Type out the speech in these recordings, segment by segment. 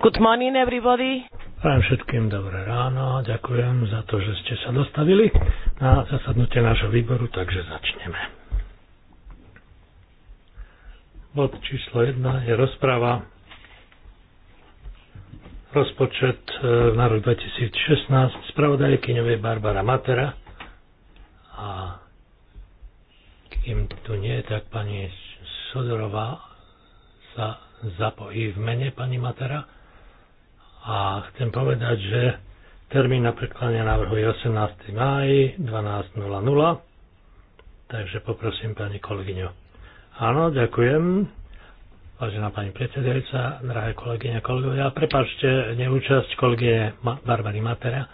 Good morning everybody. Prajem všetkým dobré ráno, ďakujem za to, že ste sa dostavili na zasadnutie nášho výboru, takže začneme. Bod číslo 1 je rozpráva rozpočet e, na rok 2016 spravodajkyňovej Barbara Matera a kým tu nie, tak pani Sodorová sa zapojí v mene pani Matera a chcem povedať, že termín na predkladanie návrhu je 18. máj 12.00. Takže poprosím pani kolegyňu. Áno, ďakujem. Vážená pani predsedajúca, drahé kolegyne, kolegovia, prepáčte neúčasť kolegyne Barbary Matera.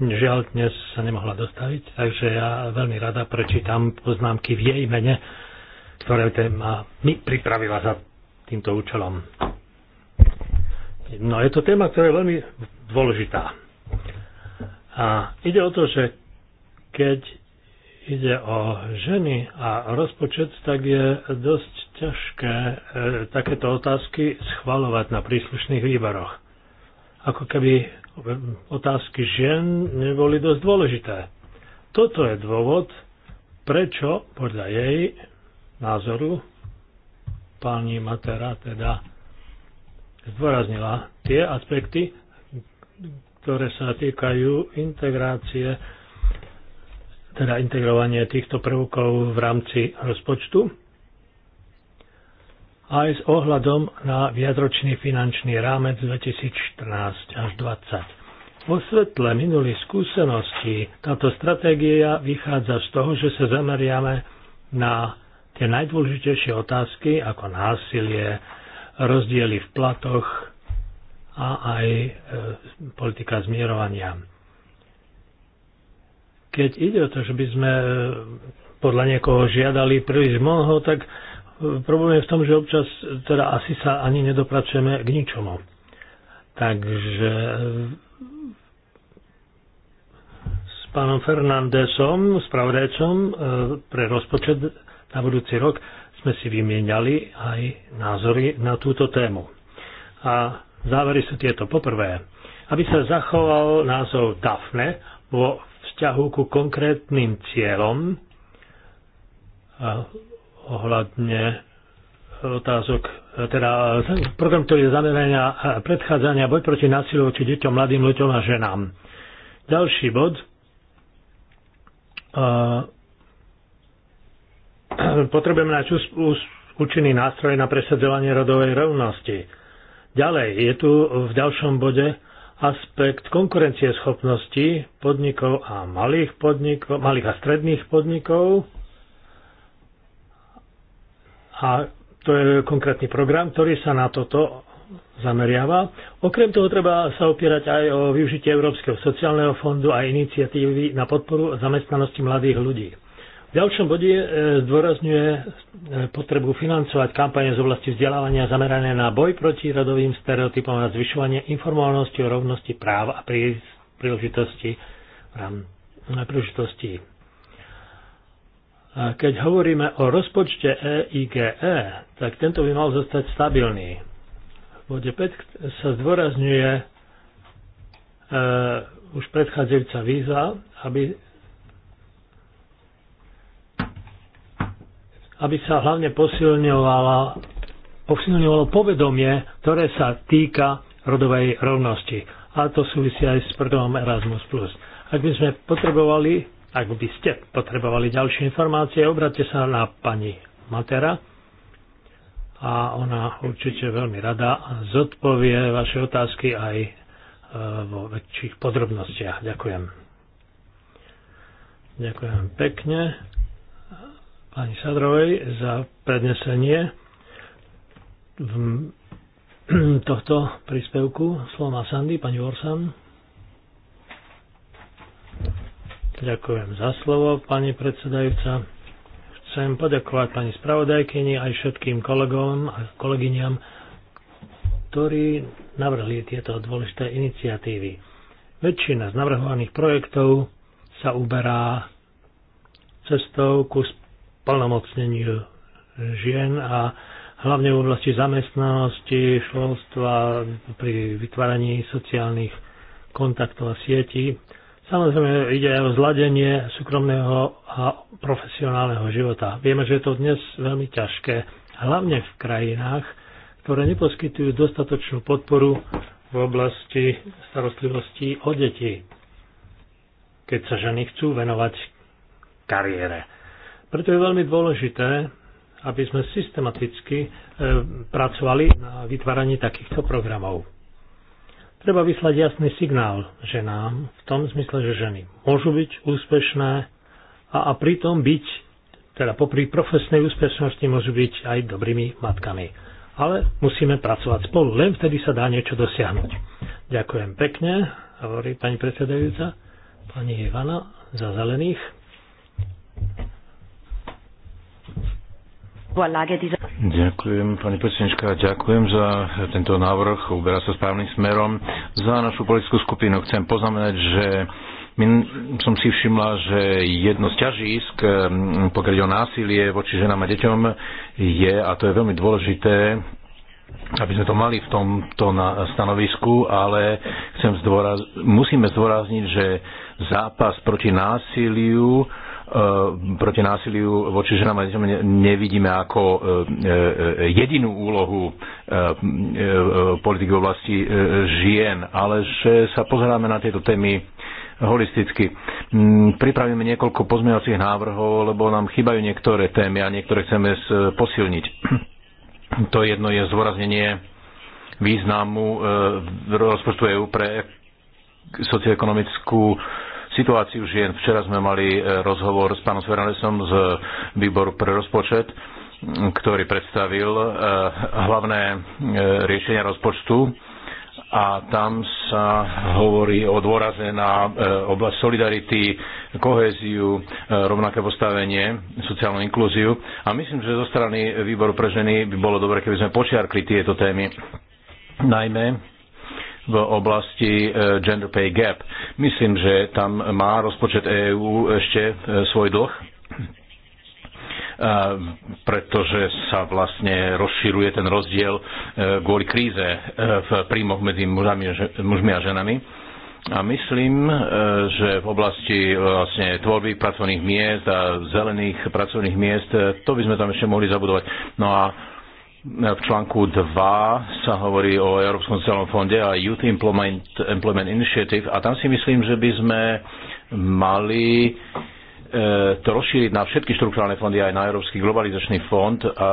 Žiaľ, dnes sa nemohla dostaviť, takže ja veľmi rada prečítam poznámky v jej mene, ktoré ma mi pripravila za týmto účelom. No je to téma, ktorá je veľmi dôležitá. A ide o to, že keď ide o ženy a rozpočet, tak je dosť ťažké e, takéto otázky schvalovať na príslušných výboroch. Ako keby e, otázky žien neboli dosť dôležité. Toto je dôvod, prečo podľa jej názoru pani Matera teda zdôraznila tie aspekty, ktoré sa týkajú integrácie, teda integrovanie týchto prvkov v rámci rozpočtu aj s ohľadom na viadročný finančný rámec 2014 až 2020. Vo svetle minulých skúseností táto stratégia vychádza z toho, že sa zameriame na tie najdôležitejšie otázky ako násilie, rozdiely v platoch a aj e, politika zmierovania. Keď ide o to, že by sme e, podľa niekoho žiadali príliš mnoho, tak e, problém je v tom, že občas teda asi sa ani nedopracujeme k ničomu. Takže s pánom Fernandesom, spravodajcom pre rozpočet na budúci rok, sme si vymieniali aj názory na túto tému. A závery sú tieto. Poprvé, aby sa zachoval názov DAFNE vo vzťahu ku konkrétnym cieľom eh, ohľadne otázok, eh, teda eh, program, ktorý je zamerania predchádzania boj proti násilu voči deťom, mladým ľuďom a ženám. Ďalší bod potrebujeme nájsť účinný nástroj na presadzovanie rodovej rovnosti. Ďalej, je tu v ďalšom bode aspekt konkurencieschopnosti podnikov a malých, podnikov, malých a stredných podnikov. A to je konkrétny program, ktorý sa na toto zameriava. Okrem toho treba sa opierať aj o využitie Európskeho sociálneho fondu a iniciatívy na podporu zamestnanosti mladých ľudí. V ďalšom bode e, zdôrazňuje e, potrebu financovať kampane z oblasti vzdelávania zamerané na boj proti radovým stereotypom a zvyšovanie informovanosti o rovnosti práv a príležitosti, príležitosti. Keď hovoríme o rozpočte EIGE, e, tak tento by mal zostať stabilný. V bode 5 sa zdôrazňuje e, už predchádzajúca víza, aby aby sa hlavne posilňovalo, posilňovalo povedomie, ktoré sa týka rodovej rovnosti. A to súvisí aj s programom Erasmus+. Ak by sme potrebovali, ak by ste potrebovali ďalšie informácie, obrate sa na pani Matera a ona určite veľmi rada zodpovie vaše otázky aj e, vo väčších podrobnostiach. Ďakujem. Ďakujem pekne pani Sadrovej za prednesenie v tohto príspevku. Sloma Sandy, pani Orsan. Ďakujem za slovo, pani predsedajúca. Chcem poďakovať pani spravodajkyni aj všetkým kolegom a kolegyňam, ktorí navrhli tieto dôležité iniciatívy. Väčšina z navrhovaných projektov sa uberá cestou ku splnomocnení žien a hlavne v oblasti zamestnanosti, školstva, pri vytváraní sociálnych kontaktov a sietí. Samozrejme ide aj o zladenie súkromného a profesionálneho života. Vieme, že je to dnes veľmi ťažké, hlavne v krajinách, ktoré neposkytujú dostatočnú podporu v oblasti starostlivosti o deti, keď sa ženy chcú venovať kariére. Preto je veľmi dôležité, aby sme systematicky e, pracovali na vytváraní takýchto programov. Treba vyslať jasný signál ženám v tom zmysle, že ženy môžu byť úspešné a, a pritom byť, teda popri profesnej úspešnosti, môžu byť aj dobrými matkami. Ale musíme pracovať spolu, len vtedy sa dá niečo dosiahnuť. Ďakujem pekne, hovorí pani predsedajúca, pani Ivana za zelených. Ďakujem, pani predsednička, ďakujem za tento návrh, uberá sa správnym smerom. Za našu politickú skupinu chcem poznamenať, že som si všimla, že jedno z ťažísk, mm, pokiaľ ide o násilie voči ženám a deťom, je, a to je veľmi dôležité, aby sme to mali v tomto stanovisku, ale chcem zdôraz- musíme zdôrazniť, že zápas proti násiliu Eh, proti násiliu voči ženám nevidíme ako eh, eh, jedinú úlohu politiky v oblasti žien, ale že sa pozeráme na tieto témy holisticky. Mm, pripravíme niekoľko pozmeňovacích návrhov, lebo nám chýbajú niektoré témy a niektoré chceme posilniť. To jedno je zvoraznenie významu rozpočtu EU pre socioekonomickú situáciu žien. Včera sme mali e, rozhovor s pánom Svernalesom z výboru pre rozpočet, ktorý predstavil e, hlavné e, riešenia rozpočtu a tam sa hovorí o dôraze na oblasť solidarity, kohéziu, rovnaké postavenie, sociálnu inklúziu. A myslím, že zo strany výboru pre ženy by bolo dobre, keby sme počiarkli tieto témy. Najmä v oblasti e, gender pay gap. Myslím, že tam má rozpočet EÚ ešte e, svoj dlh, e, pretože sa vlastne rozširuje ten rozdiel kvôli kríze v príjmoch medzi mužmi a ženami. A myslím, že v oblasti vlastne tvorby pracovných miest a zelených pracovných miest, to by sme tam ešte mohli zabudovať. No a v článku 2 sa hovorí o Európskom sociálnom fonde a Youth Employment, Employment Initiative a tam si myslím, že by sme mali e, to rozšíriť na všetky štruktúrálne fondy, aj na Európsky globalizačný fond a, a,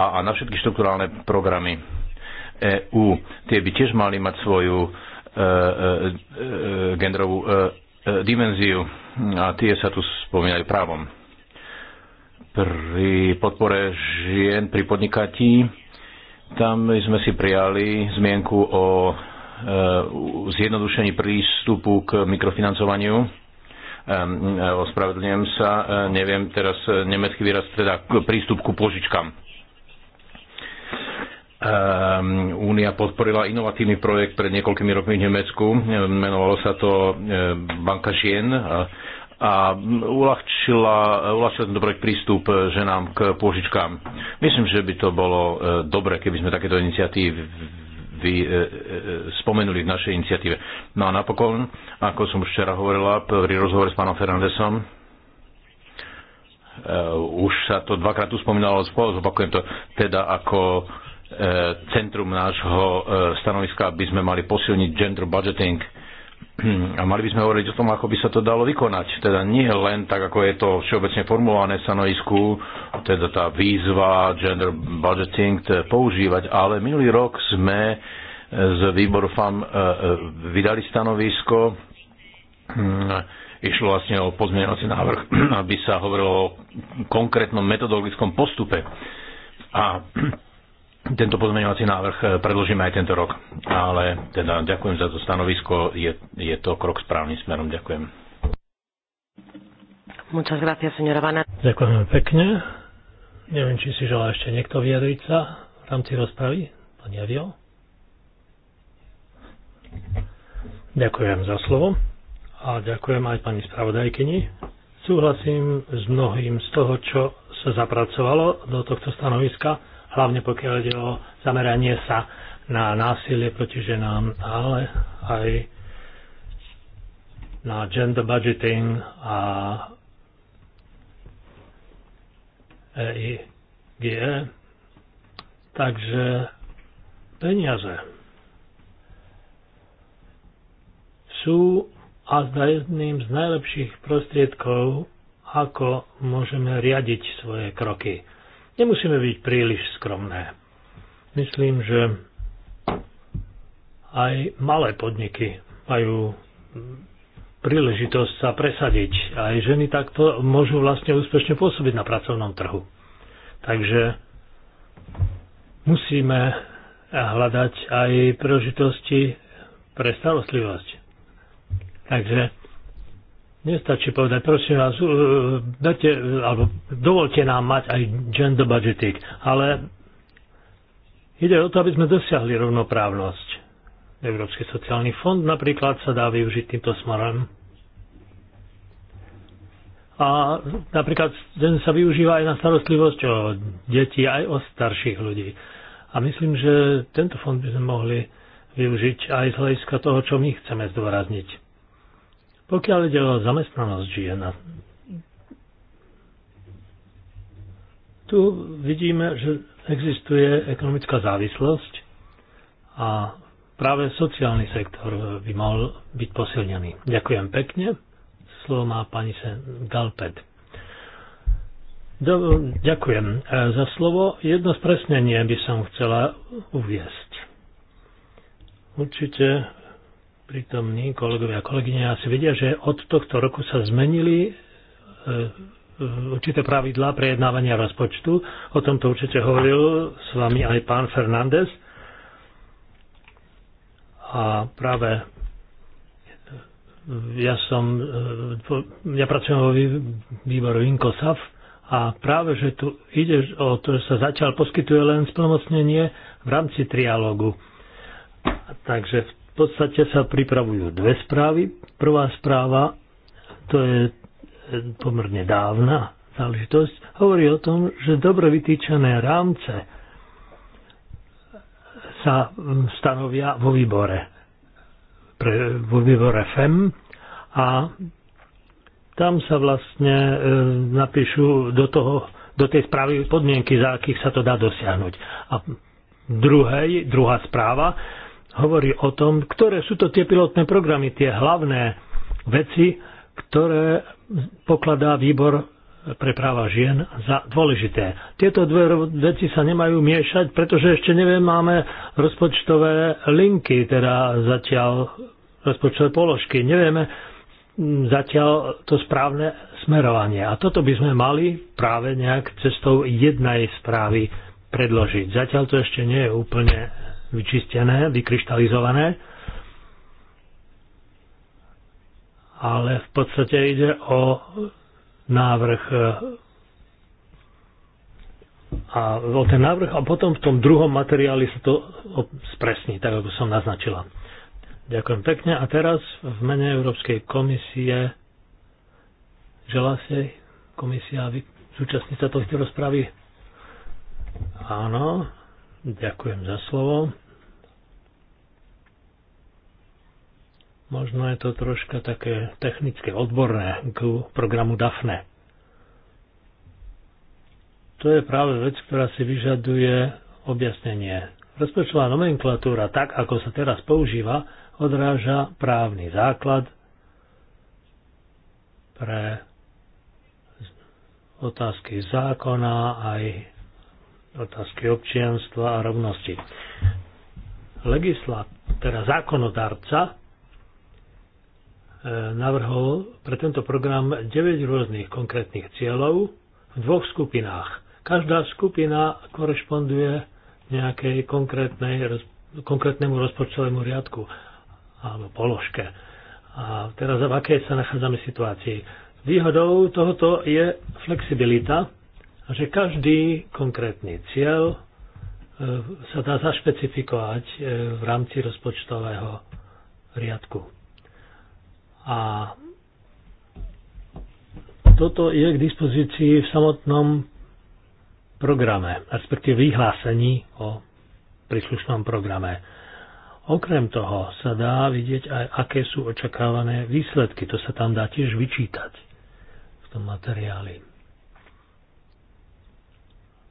a, a na všetky štruktúrálne programy EU. Tie by tiež mali mať svoju e e, e, e, genderovú e, e, dimenziu a tie sa tu spomínajú právom pri podpore žien pri podnikatí. Tam sme si prijali zmienku o e, zjednodušení prístupu k mikrofinancovaniu. Ospravedlňujem sa, e, neviem teraz e, nemecký výraz, teda prístup ku požičkám. Únia podporila inovatívny projekt pred niekoľkými rokmi v Nemecku. Menovalo sa to Banka žien a uľahčila, uľahčila ten dobrý prístup e, ženám k pôžičkám. Myslím, že by to bolo e, dobre, keby sme takéto iniciatívy vy e, e, e, spomenuli v našej iniciatíve. No a napokon, ako som už včera hovorila pri rozhovore s pánom Fernandesom, e, už sa to dvakrát uspomínalo, spomínalo, zopakujem to, teda ako e, centrum nášho e, stanoviska by sme mali posilniť gender budgeting, a mali by sme hovoriť o tom, ako by sa to dalo vykonať. Teda nie len tak, ako je to všeobecne formulované v stanovisku, teda tá výzva gender budgeting používať, ale minulý rok sme e, z výboru FAM e, e, vydali stanovisko, hm, išlo vlastne o pozmeňovací návrh, aby sa hovorilo o konkrétnom metodologickom postupe. A tento pozmeňovací návrh e, predložíme aj tento rok. Ale teda ďakujem za to stanovisko, je, je to krok správnym smerom. Ďakujem. Muchas gracias, señora Vana. Ďakujem pekne. Neviem, či si želá ešte niekto vyjadriť sa v rámci rozpravy. Pani Avio. Ďakujem za slovo a ďakujem aj pani spravodajkyni. Súhlasím s mnohým z toho, čo sa zapracovalo do tohto stanoviska hlavne pokiaľ ide o zameranie sa na násilie proti ženám, ale aj na gender budgeting a EIGE. E. Takže peniaze sú a zda jedným z najlepších prostriedkov, ako môžeme riadiť svoje kroky nemusíme byť príliš skromné. Myslím, že aj malé podniky majú príležitosť sa presadiť. Aj ženy takto môžu vlastne úspešne pôsobiť na pracovnom trhu. Takže musíme hľadať aj príležitosti pre starostlivosť. Takže Nestačí povedať, prosím vás, e, dajte, alebo dovolte nám mať aj gender budgeting, ale ide o to, aby sme dosiahli rovnoprávnosť. Európsky sociálny fond napríklad sa dá využiť týmto smerom. A napríklad ten sa využíva aj na starostlivosť o deti, aj o starších ľudí. A myslím, že tento fond by sme mohli využiť aj z hľadiska toho, čo my chceme zdôrazniť. Pokiaľ ide o zamestnanosť žien, tu vidíme, že existuje ekonomická závislosť a práve sociálny sektor by mal byť posilnený. Ďakujem pekne. Slovo má pani Galped. Do, ďakujem e, za slovo. Jedno spresnenie by som chcela uviesť. Určite prítomní kolegovia a kolegyne asi vedia, že od tohto roku sa zmenili e, e, určité pravidlá prejednávania rozpočtu. O tomto určite hovoril s vami aj pán Fernández. A práve ja som, e, ja pracujem vo výboru Inkosav a práve, že tu ide o to, že sa zatiaľ poskytuje len splnomocnenie v rámci trialógu. Takže v v podstate sa pripravujú dve správy. Prvá správa, to je e, pomerne dávna záležitosť, hovorí o tom, že dobre vytýčené rámce sa stanovia vo výbore. Pre, vo výbore FEM a tam sa vlastne e, napíšu do, toho, do tej správy podmienky, za akých sa to dá dosiahnuť. A druhej, druhá správa, hovorí o tom, ktoré sú to tie pilotné programy, tie hlavné veci, ktoré pokladá výbor pre práva žien za dôležité. Tieto dve veci sa nemajú miešať, pretože ešte neviem, máme rozpočtové linky, teda zatiaľ rozpočtové položky. Nevieme zatiaľ to správne smerovanie. A toto by sme mali práve nejak cestou jednej správy predložiť. Zatiaľ to ešte nie je úplne vyčistené, vykryštalizované. Ale v podstate ide o návrh e, a o ten návrh a potom v tom druhom materiáli sa to spresní, tak ako som naznačila. Ďakujem pekne. A teraz v mene Európskej komisie želá si komisia zúčastniť sa tohto rozpravy? Áno, Ďakujem za slovo. Možno je to troška také technické, odborné k programu DAFNE. To je práve vec, ktorá si vyžaduje objasnenie. Rozpočtová nomenklatúra, tak ako sa teraz používa, odráža právny základ pre otázky zákona aj otázky občianstva a rovnosti. Legislat, teda zákonodárca, e, navrhol pre tento program 9 rôznych konkrétnych cieľov v dvoch skupinách. Každá skupina korešponduje nejakej konkrétnej, konkrétnemu rozpočtovému riadku alebo položke. A teraz v akej sa nachádzame situácii? Výhodou tohoto je flexibilita, a že každý konkrétny cieľ e, sa dá zašpecifikovať e, v rámci rozpočtového riadku. A toto je k dispozícii v samotnom programe, respektíve vyhlásení o príslušnom programe. Okrem toho sa dá vidieť aj, aké sú očakávané výsledky. To sa tam dá tiež vyčítať v tom materiáli.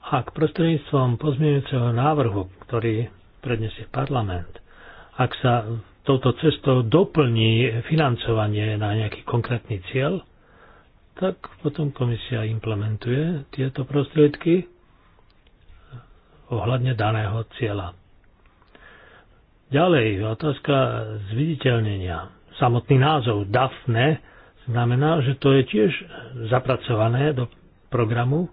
Ak prostredníctvom pozmienujúceho návrhu, ktorý predniesie parlament, ak sa touto cestou doplní financovanie na nejaký konkrétny cieľ, tak potom komisia implementuje tieto prostriedky ohľadne daného cieľa. Ďalej, otázka zviditeľnenia. Samotný názov DAFNE znamená, že to je tiež zapracované do programu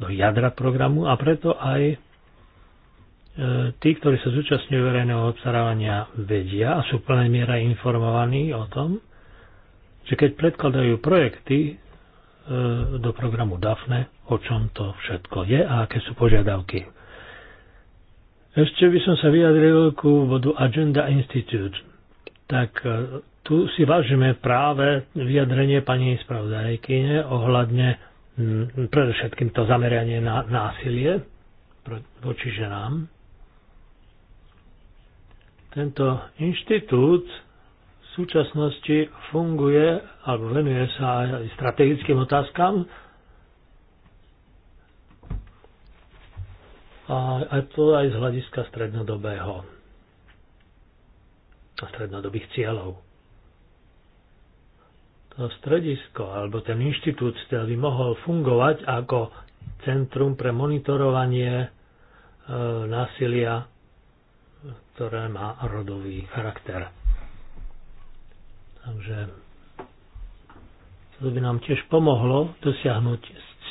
do jadra programu a preto aj e, tí, ktorí sa zúčastňujú verejného obstarávania, vedia a sú plnej miera informovaní o tom, že keď predkladajú projekty e, do programu DAFNE, o čom to všetko je a aké sú požiadavky. Ešte by som sa vyjadril ku vodu Agenda Institute. Tak e, tu si vážime práve vyjadrenie pani spravodajkyne ohľadne Mm, predovšetkým to zameranie na násilie voči ženám. Tento inštitút v súčasnosti funguje alebo venuje sa aj strategickým otázkam a to aj z hľadiska strednodobého a strednodobých cieľov to stredisko alebo ten inštitút by mohol fungovať ako centrum pre monitorovanie e, násilia, ktoré má rodový charakter. Takže to by nám tiež pomohlo dosiahnuť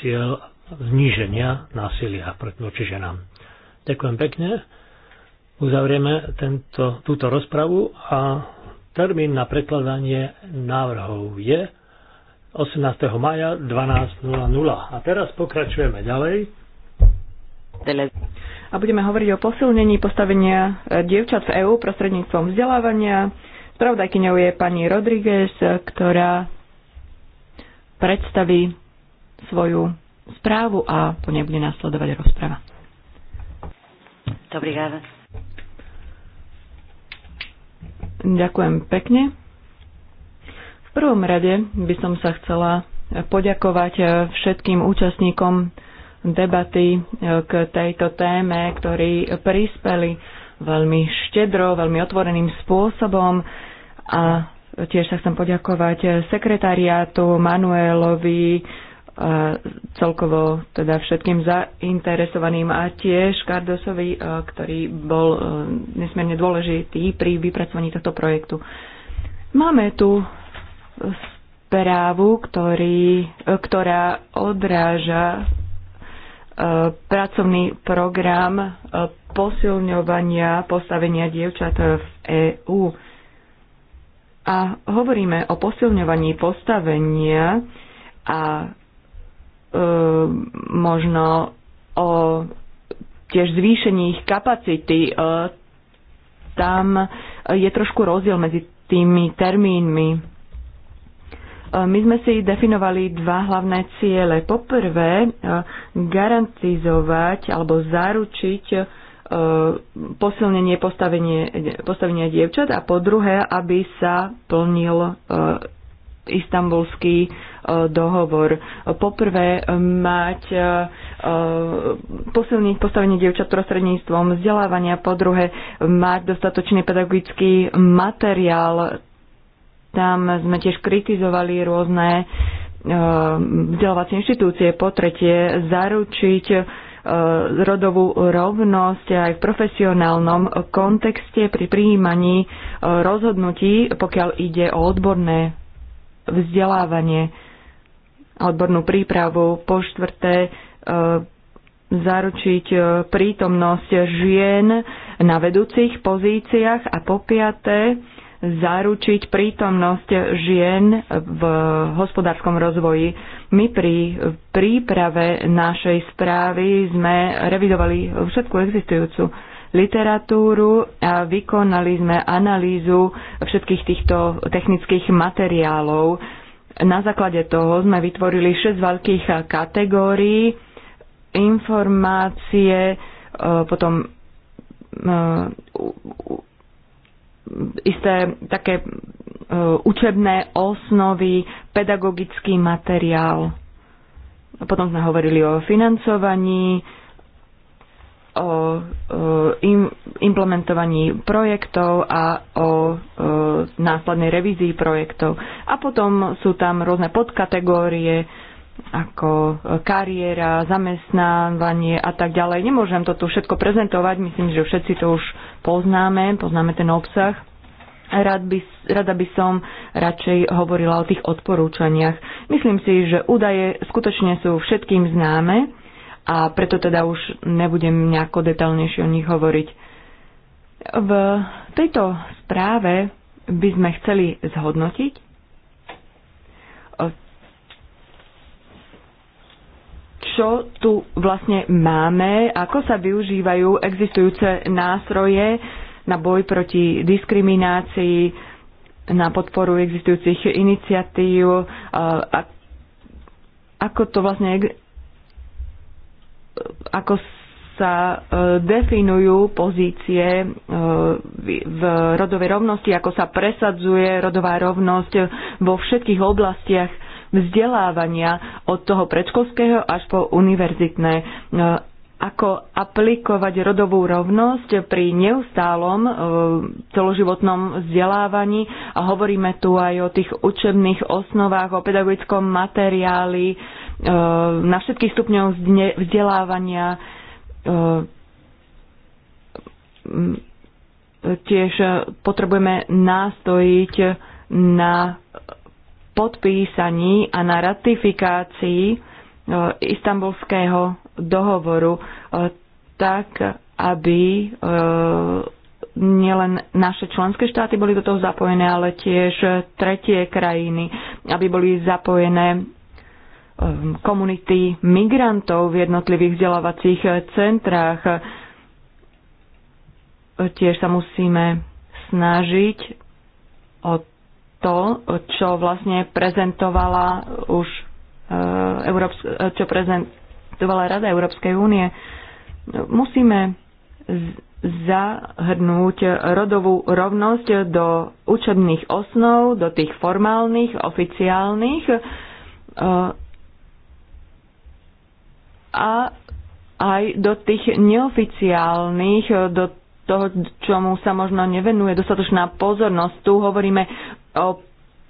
cieľ zníženia násilia proti ženám. Ďakujem pekne. Uzavrieme tento, túto rozpravu a Termín na prekladanie návrhov je 18. maja 12.00. A teraz pokračujeme ďalej. A budeme hovoriť o posilnení postavenia e, dievčat v EÚ prostredníctvom vzdelávania. Spravodajkyňou je pani Rodriguez, ktorá predstaví svoju správu a po nej bude nasledovať rozprava. Dobrý deň. Ďakujem pekne. V prvom rade by som sa chcela poďakovať eh, všetkým účastníkom debaty eh, k tejto téme, ktorí prispeli veľmi štedro, veľmi otvoreným spôsobom a tiež sa chcem poďakovať sekretariátu Manuelovi, a celkovo teda všetkým zainteresovaným a tiež Kardosovi, e, ktorý bol e, nesmierne dôležitý pri vypracovaní tohto projektu. Máme tu správu, ktorý, e, ktorá odráža pracovný program posilňovania postavenia dievčat v EÚ. A hovoríme o posilňovaní postavenia a Ehm, možno o tiež zvýšení ich kapacity. Ehm, tam je trošku rozdiel medzi tými termínmi. Ehm, my sme si definovali dva hlavné ciele. Poprvé, garantizovať alebo zaručiť posilnenie postavenie, postavenia dievčat a po druhé, aby sa plnil istambulský dohovor. Poprvé um, mať uh, uh, posilniť postavenie dievčat prostredníctvom vzdelávania, po druhé mať dostatočný pedagogický materiál. Tam sme tiež kritizovali rôzne uh, vzdelávacie inštitúcie, po tretie zaručiť rodovú rovnosť aj v profesionálnom kontexte pri prijímaní rozhodnutí, pokiaľ ide o odborné vzdelávanie odbornú prípravu. Po štvrté, e, zaručiť e, prítomnosť žien na vedúcich pozíciách a po piaté, zaručiť prítomnosť žien v hospodárskom rozvoji. My pri príprave našej správy sme revidovali všetku existujúcu literatúru a vykonali sme analýzu všetkých týchto technických materiálov. Na základe toho sme vytvorili 6 veľkých kategórií informácie, e, potom e, isté také e, učebné osnovy, pedagogický materiál. Potom sme hovorili o financovaní, o implementovaní projektov a o následnej revízii projektov. A potom sú tam rôzne podkategórie ako kariéra, zamestnávanie a tak ďalej. Nemôžem to tu všetko prezentovať, myslím, že všetci to už poznáme, poznáme ten obsah. Rad by, rada by som radšej hovorila o tých odporúčaniach. Myslím si, že údaje skutočne sú všetkým známe a preto teda už nebudem nejako detaľnejšie o nich hovoriť. V tejto správe by sme chceli zhodnotiť, čo tu vlastne máme, ako sa využívajú existujúce nástroje na boj proti diskriminácii, na podporu existujúcich iniciatív, a ako to vlastne ako sa e, definujú pozície e, v rodovej rovnosti, ako sa presadzuje rodová rovnosť vo všetkých oblastiach vzdelávania od toho predškolského až po univerzitné e, ako aplikovať rodovú rovnosť pri neustálom e, celoživotnom vzdelávaní. A hovoríme tu aj o tých učebných osnovách, o pedagogickom materiáli, e, na všetkých stupňoch vzdelávania, e, tiež potrebujeme nástojiť na podpísaní a na ratifikácii istambulského dohovoru e, tak, aby e, nielen naše členské štáty boli do toho zapojené, ale tiež tretie krajiny, aby boli zapojené e, komunity migrantov v jednotlivých vzdelávacích centrách. Tiež sa musíme snažiť o to, čo vlastne prezentovala už Európska, čo prezent- akceptovala Rada Európskej únie. Musíme zahrnúť rodovú rovnosť do učebných osnov, do tých formálnych, oficiálnych e, a aj do tých neoficiálnych, do toho, čomu sa možno nevenuje dostatočná pozornosť. Tu hovoríme o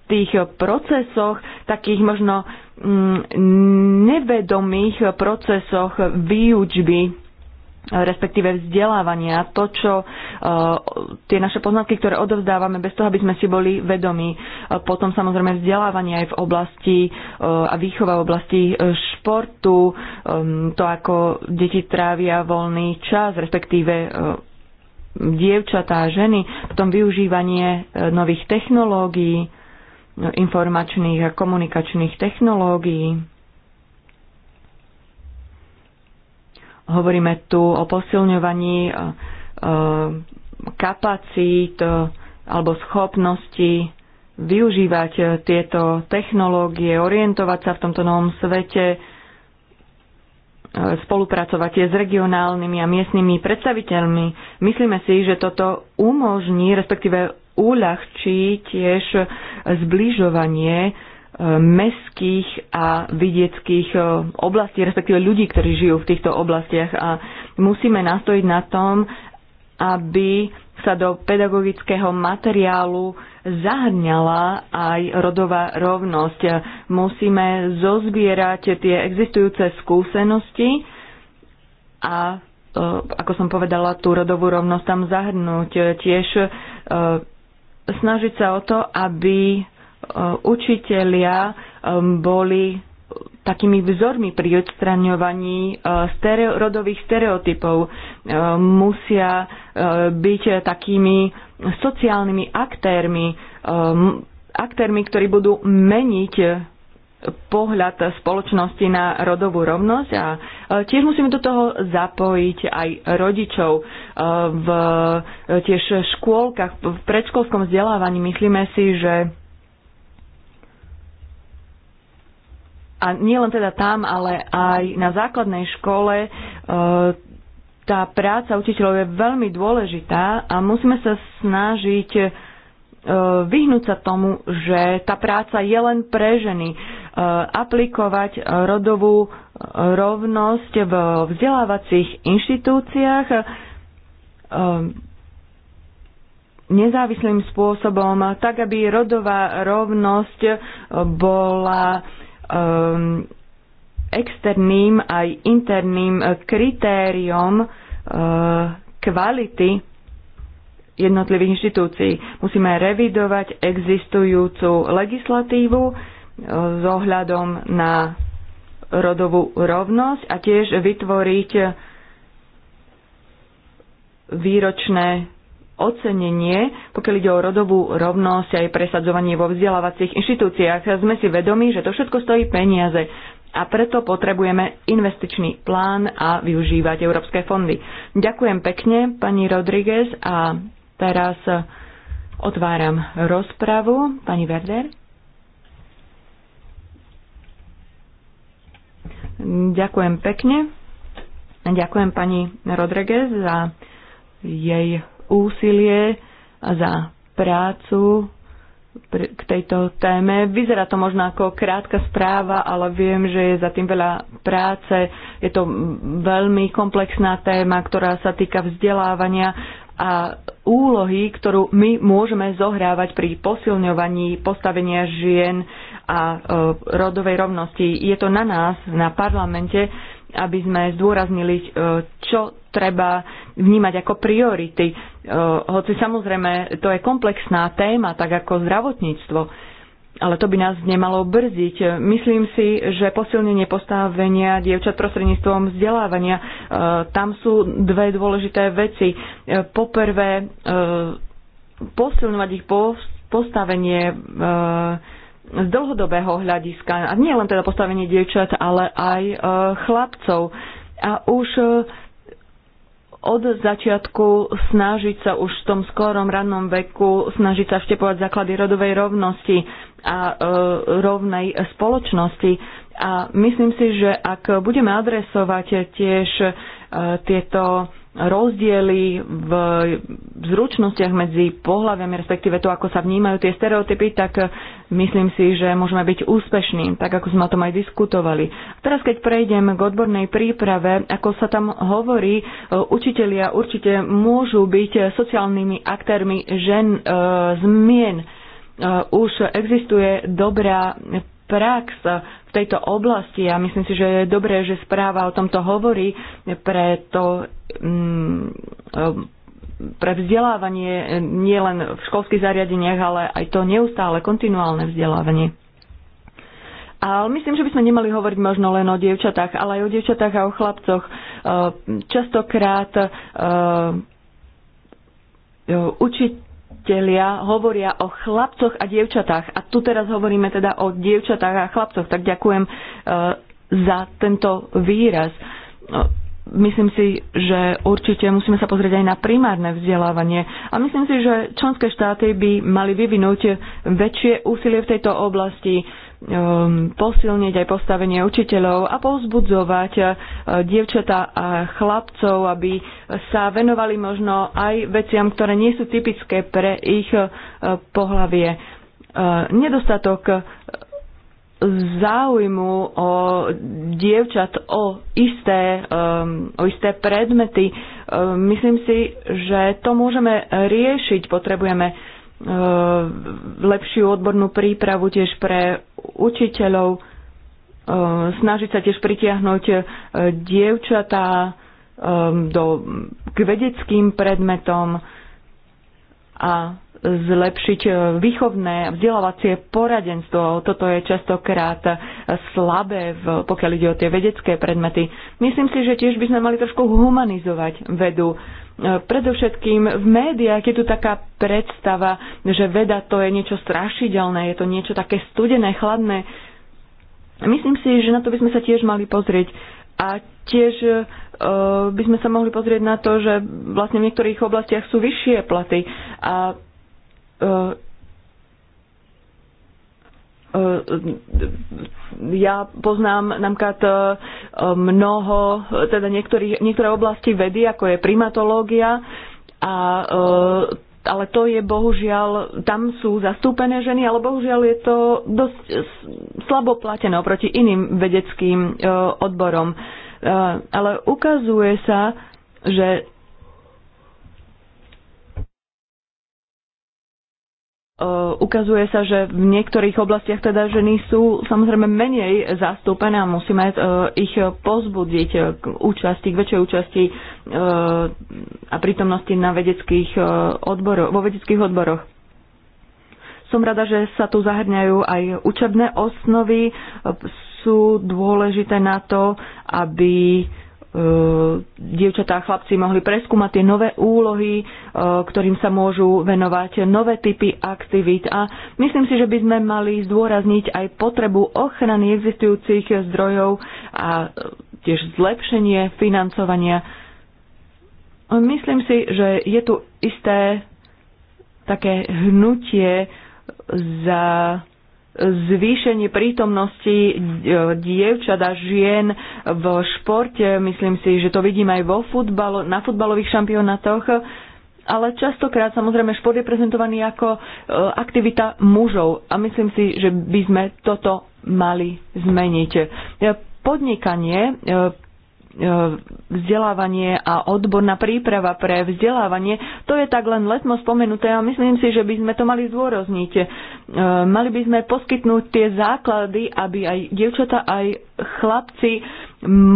tých procesoch, takých možno Mm, nevedomých procesoch výučby respektíve vzdelávania, to, čo e, tie naše poznatky, ktoré odovzdávame bez toho, aby sme si boli vedomi. E, potom samozrejme vzdelávanie aj v oblasti e, a výchova v oblasti športu, to, ako deti trávia voľný čas, respektíve dievčatá, ženy, potom využívanie nových technológií, informačných a komunikačných technológií. Hovoríme tu o posilňovaní e, e, kapacít e, alebo schopnosti využívať tieto technológie, orientovať sa v tomto novom svete, spolupracovať s regionálnymi a miestnymi predstaviteľmi. Myslíme si, že toto umožní, respektíve uľahčí tiež zbližovanie e, mestských a vidieckých e, oblastí, respektíve ľudí, ktorí žijú v týchto oblastiach. A musíme nastojiť na tom, aby sa do pedagogického materiálu zahrňala aj rodová rovnosť. Musíme zozbierať tie existujúce skúsenosti a e, ako som povedala, tú rodovú rovnosť tam zahrnúť. Tiež snažiť sa o to, aby eh, učitelia eh, boli takými vzormi pri odstraňovaní eh, stereo, rodových stereotypov. Musia byť takými sociálnymi aktérmi, aktérmi, ktorí budú meniť pohľad spoločnosti na rodovú rovnosť a e, tiež musíme do toho zapojiť aj rodičov e, v e, tiež škôlkach, v predškolskom vzdelávaní. Myslíme si, že a nie len teda tam, ale aj na základnej škole tá práca učiteľov je veľmi dôležitá a musíme sa snažiť vyhnúť sa tomu, že tá práca je len pre ženy. Eh, aplikovať eh, rodovú eh, rovnosť v vzdelávacích inštitúciách nezávislým spôsobom, tak aby rodová rovnosť bola externým aj interným kritériom kvality jednotlivých inštitúcií. Musíme revidovať existujúcu legislatívu, s ohľadom na rodovú rovnosť a tiež vytvoriť výročné ocenenie, pokiaľ ide o rodovú rovnosť a aj presadzovanie vo vzdelávacích inštitúciách. Sme si vedomi, že to všetko stojí peniaze a preto potrebujeme investičný plán a využívať európske fondy. Ďakujem pekne, pani Rodriguez, a teraz otváram rozpravu. Pani Werder. Ďakujem pekne. Ďakujem pani Rodriguez za jej úsilie, a za prácu k tejto téme. Vyzerá to možno ako krátka správa, ale viem, že je za tým veľa práce. Je to veľmi komplexná téma, ktorá sa týka vzdelávania a úlohy, ktorú my môžeme zohrávať pri posilňovaní postavenia žien a e, rodovej rovnosti. Je to na nás, na parlamente, aby sme zdôraznili, e, čo treba vnímať ako priority. E, hoci samozrejme to je komplexná téma, tak ako zdravotníctvo, ale to by nás nemalo brziť. Myslím si, že posilnenie postavenia dievčat prostredníctvom vzdelávania, tam sú dve dôležité veci. Poprvé, posilňovať ich postavenie z dlhodobého hľadiska. A nie len teda postavenie dievčat, ale aj e, chlapcov. A už e, od začiatku snažiť sa už v tom skorom rannom veku, snažiť sa vštepovať základy rodovej rovnosti a e, rovnej spoločnosti. A myslím si, že ak budeme adresovať tiež e, tieto rozdiely v zručnostiach medzi pohľaviami, respektíve to, ako sa vnímajú tie stereotypy, tak eh, myslím si, že môžeme byť úspešní, tak ako sme o tom aj diskutovali. Teraz, keď prejdem k odbornej príprave, ako sa tam hovorí, eh, učitelia určite môžu byť sociálnymi aktérmi žen e, zmien. E, už existuje dobrá prax v tejto oblasti a myslím si, že je dobré, že správa o tomto hovorí, pre to mm, pre vzdelávanie e, nielen v školských zariadeniach, ale aj to neustále kontinuálne vzdelávanie. A myslím, že by sme nemali hovoriť možno len o dievčatách, ale aj o dievčatách a o chlapcoch. E, častokrát e, učiť čitatelia hovoria o chlapcoch a dievčatách. A tu teraz hovoríme teda o dievčatách a chlapcoch. Tak ďakujem e, za tento výraz. E, myslím si, že určite musíme sa pozrieť aj na primárne vzdelávanie a myslím si, že členské štáty by mali vyvinúť väčšie úsilie v tejto oblasti Um, posilniť aj postavenie učiteľov a povzbudzovať uh, dievčatá a chlapcov, aby sa venovali možno aj veciam, ktoré nie sú typické pre ich uh, pohlavie. Uh, nedostatok záujmu o dievčat o isté, um, o isté predmety. Um, myslím si, že to môžeme riešiť. Potrebujeme E, lepšiu odbornú prípravu tiež pre učiteľov, e, snažiť sa tiež pritiahnuť e, dievčatá do, k vedeckým predmetom a zlepšiť výchovné vzdelávacie poradenstvo. Toto je častokrát slabé, pokiaľ ide o tie vedecké predmety. Myslím si, že tiež by sme mali trošku humanizovať vedu Predovšetkým v médiách je tu taká predstava, že veda to je niečo strašidelné, je to niečo také studené, chladné. Myslím si, že na to by sme sa tiež mali pozrieť. A tiež uh, by sme sa mohli pozrieť na to, že vlastne v niektorých oblastiach sú vyššie platy. A uh, Ehm, ja poznám napríklad e, mnoho, teda niektorý, niektoré oblasti vedy, ako je primatológia, a, e, ale to je bohužiaľ, tam sú zastúpené ženy, ale bohužiaľ je to dosť slabo platené oproti iným vedeckým e, odborom. Ale ukazuje sa, že E, ukazuje sa, že v niektorých oblastiach teda ženy sú samozrejme menej zastúpené a musíme e, ich pozbudiť k účasti, k väčšej účasti e, a prítomnosti na vedeckých odboroch, vo vedeckých odboroch. Som rada, že sa tu zahrňajú aj učebné osnovy, sú dôležité na to, aby E, dievčatá a chlapci mohli preskúmať tie nové úlohy, e, ktorým sa môžu venovať nové typy aktivít. A myslím si, že by sme mali zdôrazniť aj potrebu ochrany existujúcich zdrojov a tiež zlepšenie financovania. Myslím si, že je tu isté také hnutie za zvýšenie prítomnosti e, dievčat a žien v športe. Myslím si, že to vidím aj vo futbalo, na futbalových šampionátoch. Ale častokrát samozrejme šport je prezentovaný ako e, aktivita mužov a myslím si, že by sme toto mali zmeniť. E, podnikanie E, vzdelávanie a odborná príprava pre vzdelávanie, to je tak len letmo spomenuté a myslím si, že by sme to mali zdôrazniť. E, mali by sme poskytnúť tie základy, aby aj dievčata, aj chlapci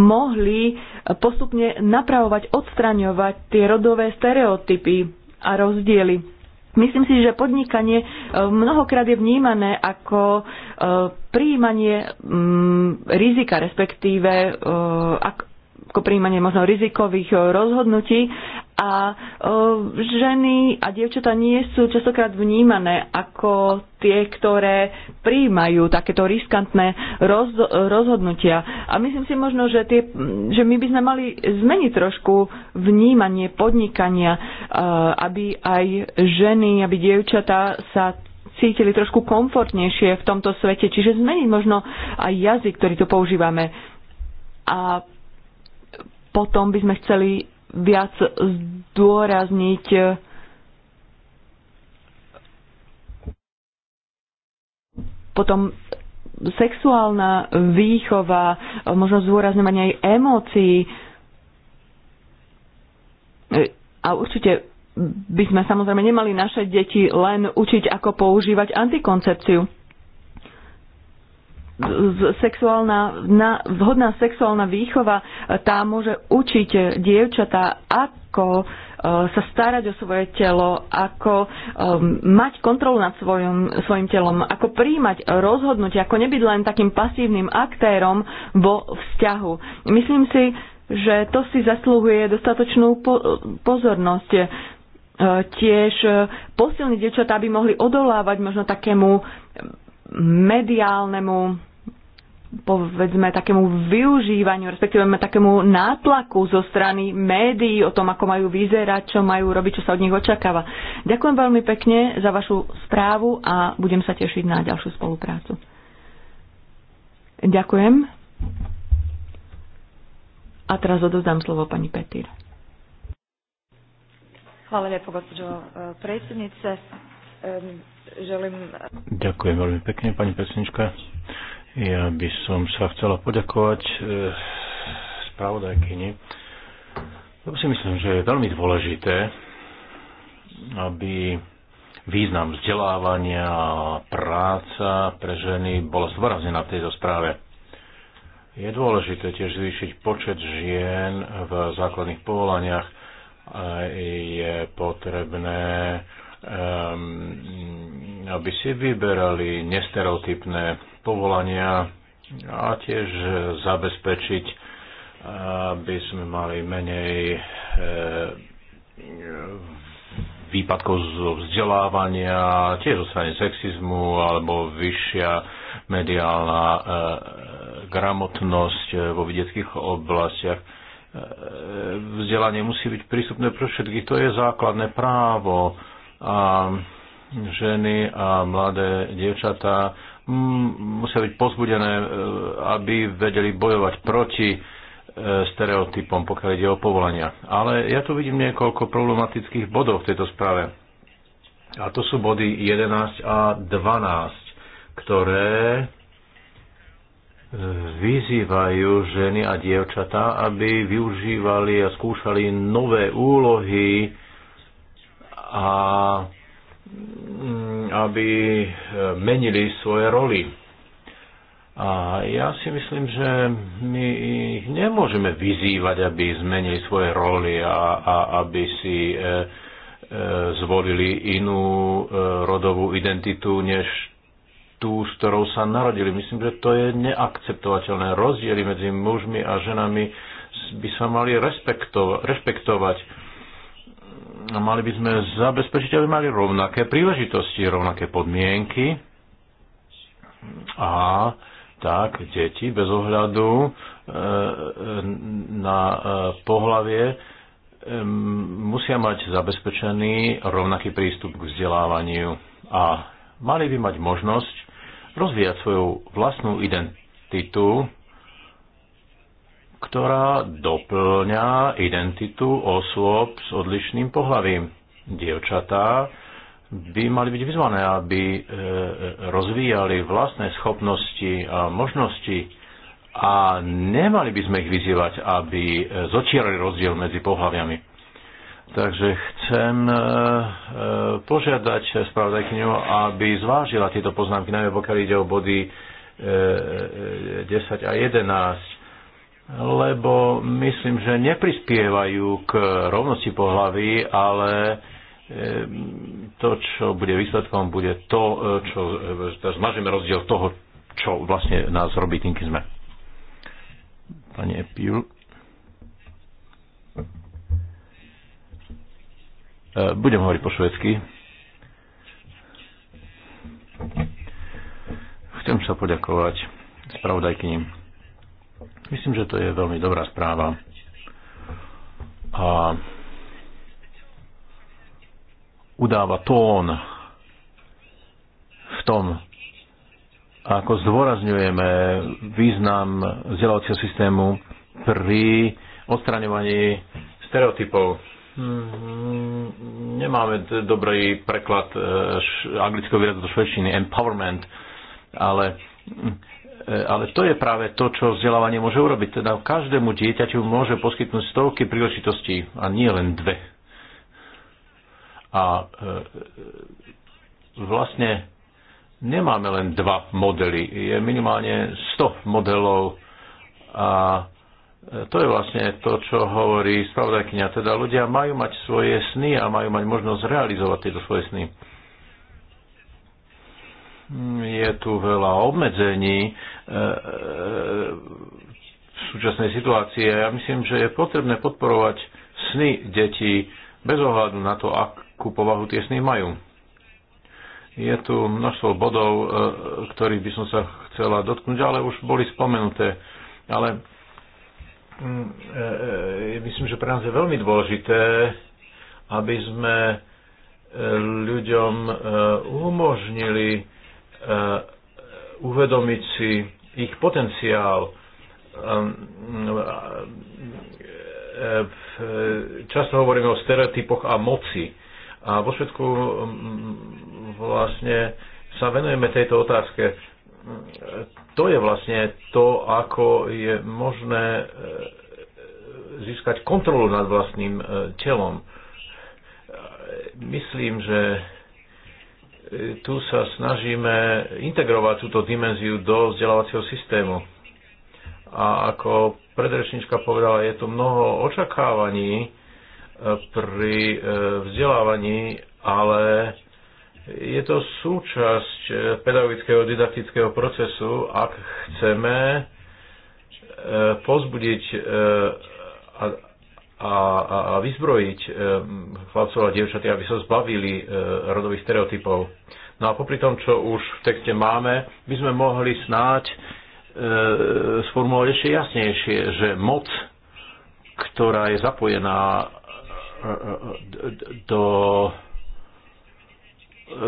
mohli postupne napravovať, odstraňovať tie rodové stereotypy a rozdiely. Myslím si, že podnikanie e, mnohokrát je vnímané ako prijímanie mm, rizika, respektíve ako príjmanie možno rizikových eh, rozhodnutí a eh, ženy a dievčatá nie sú častokrát vnímané ako tie, ktoré príjmajú takéto riskantné roz, rozhodnutia. A myslím si možno, že, tie, že my by sme mali zmeniť trošku vnímanie podnikania, eh, aby aj ženy, aby dievčatá sa cítili trošku komfortnejšie v tomto svete, čiže zmeniť možno aj jazyk, ktorý tu používame. A potom by sme chceli viac zdôrazniť eh, potom sexuálna výchova, eh, možno zdôrazňovanie aj emócií. Eh, a určite by sme samozrejme nemali naše deti len učiť, ako používať antikoncepciu sexuálna, na, vhodná sexuálna výchova, e, tá môže učiť dievčatá, ako e, sa starať o svoje telo, ako um, mať kontrolu nad svojom, svojim telom, ako príjmať rozhodnúť, ako nebyť len takým pasívnym aktérom vo vzťahu. Myslím si, že to si zaslúhuje dostatočnú po- pozornosť. E, tiež posilní dievčatá by mohli odolávať možno takému mediálnemu povedzme takému využívaniu, respektíve takému nátlaku zo strany médií o tom, ako majú vyzerať, čo majú robiť, čo sa od nich očakáva. Ďakujem veľmi pekne za vašu správu a budem sa tešiť na ďalšiu spoluprácu. Ďakujem. A teraz odozdám slovo pani Petír. Hvala lepo, gospođo e, predsjednice. Želim... Ďakujem veľmi pekne, pani predsednička. Ja by som sa chcela poďakovať e, spravodajkyni. Lebo si myslím, že je veľmi dôležité, aby význam vzdelávania a práca pre ženy bola zdôraznená v tejto správe. Je dôležité tiež zvýšiť počet žien v základných povolaniach. Je potrebné, ehm, aby si vyberali nestereotypné povolania a tiež zabezpečiť, aby sme mali menej eh, výpadkov zo vzdelávania, tiež zo strany sexizmu alebo vyššia mediálna eh, gramotnosť eh, vo vidieckých oblastiach. Vzdelanie musí byť prístupné pre všetkých, to je základné právo a ženy a mladé dievčatá Mm, musia byť pozbudené, e, aby vedeli bojovať proti e, stereotypom, pokiaľ ide o povolania. Ale ja tu vidím niekoľko problematických bodov v tejto správe. A to sú body 11 a 12, ktoré e, vyzývajú ženy a dievčatá, aby využívali a skúšali nové úlohy a Mm, aby e, menili svoje roly. A ja si myslím, že my ich nemôžeme vyzývať, aby zmenili svoje roly a, a aby si e, e, zvolili inú e, rodovú identitu, než tú, s ktorou sa narodili. Myslím, že to je neakceptovateľné. Rozdiely medzi mužmi a ženami by sa mali rešpektovať mali by sme zabezpečiť, aby mali rovnaké príležitosti, rovnaké podmienky a tak deti bez ohľadu e, na e, pohlavie e, musia mať zabezpečený rovnaký prístup k vzdelávaniu a mali by mať možnosť rozvíjať svoju vlastnú identitu ktorá doplňa identitu osôb s odlišným pohľavím. Dievčatá by mali byť vyzvané, aby e, rozvíjali vlastné schopnosti a možnosti a nemali by sme ich vyzývať, aby e, zotierali rozdiel medzi pohľaviami. Takže chcem e, požiadať spravodajkyňu, aby zvážila tieto poznámky, najmä pokiaľ ide o body 10 a 11 lebo myslím, že neprispievajú k rovnosti pohlaví, ale eh, to, čo bude výsledkom, bude to, eh, čo eh, zmažeme rozdiel toho, čo vlastne nás robí tým, sme. Pani Epiul. Budem hovoriť po švedsky. Chcem sa poďakovať spravodajkyním. Myslím, že to je veľmi dobrá správa. A udáva tón v tom, ako zdôrazňujeme význam vzdelávacieho systému pri odstraňovaní stereotypov. Hmm, nemáme dobrý preklad eh, anglického výrazu do švedčiny, empowerment, ale E, ale to je práve to, čo vzdelávanie môže urobiť. Teda každému dieťaťu môže poskytnúť stovky príležitostí a nie len dve. A e, vlastne nemáme len dva modely. Je minimálne 100 modelov a e, to je vlastne to, čo hovorí spravodajkynia. Teda ľudia majú mať svoje sny a majú mať možnosť realizovať tieto svoje sny je tu veľa obmedzení e, e, v súčasnej situácii. Ja myslím, že je potrebné podporovať sny detí bez ohľadu na to, akú povahu tie sny majú. Je tu množstvo bodov, e, ktorých by som sa chcela dotknúť, ale už boli spomenuté. Ale mm, myslím, že pre nás je veľmi dôležité, aby sme ľuďom umožnili Eh, uvedomiť si ich potenciál. Ehm, eh, často hovoríme o stereotypoch a moci. A vo všetku mm, vlastne sa venujeme tejto otázke. To je vlastne to, ako je možné eh, získať kontrolu nad vlastným telom. Myslím, že E, tu sa snažíme integrovať túto dimenziu do vzdelávacieho systému. A ako predrečnička povedala, je tu mnoho očakávaní e, pri e, vzdelávaní, ale je to súčasť pedagogického didaktického procesu, ak chceme pozbudiť a, a, a vyzbrojiť e, chlapcov a dievčaty, aby sa zbavili e, rodových stereotypov. No a popri tom, čo už v texte máme, by sme mohli snáď e, sformulovať ešte jasnejšie, že moc, ktorá je zapojená e, e, do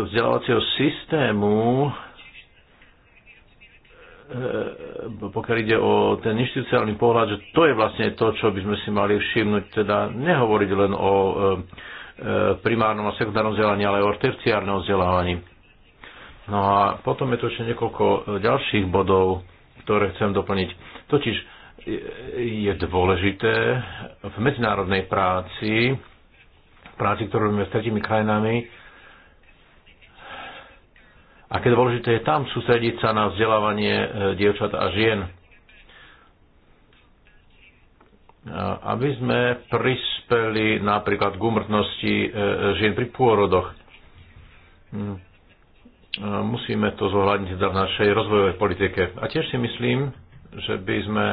vzdelávacieho systému, E, pokiaľ ide o ten inštitucionálny pohľad, že to je vlastne to, čo by sme si mali všimnúť, teda nehovoriť len o e, e, primárnom a sekundárnom vzdelaní, ale o terciárnom vzdelávaní. No a potom je tu ešte niekoľko ďalších bodov, ktoré chcem doplniť. Totiž je dôležité v medzinárodnej práci, práci, ktorú robíme s tretimi krajinami, aké dôležité je tam sústrediť sa na vzdelávanie e, dievčat a žien. Aby sme prispeli napríklad k umrtnosti e, e, žien pri pôrodoch. Hm. Musíme to zohľadniť teda v našej rozvojovej politike. A tiež si myslím, že by sme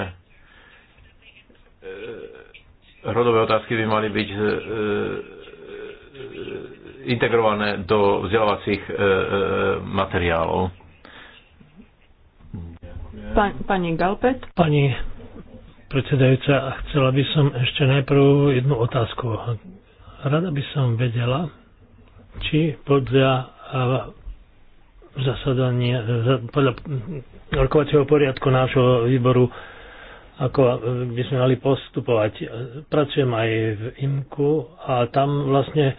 rodové otázky by mali byť integrované do vzdelávacích e, e, materiálov. Pa, pani Galpet. Pani predsedajúca, chcela by som ešte najprv jednu otázku. Rada by som vedela, či podľa zasadania, podľa rokovacieho poriadku nášho výboru, ako by sme mali postupovať. Pracujem aj v IMKU a tam vlastne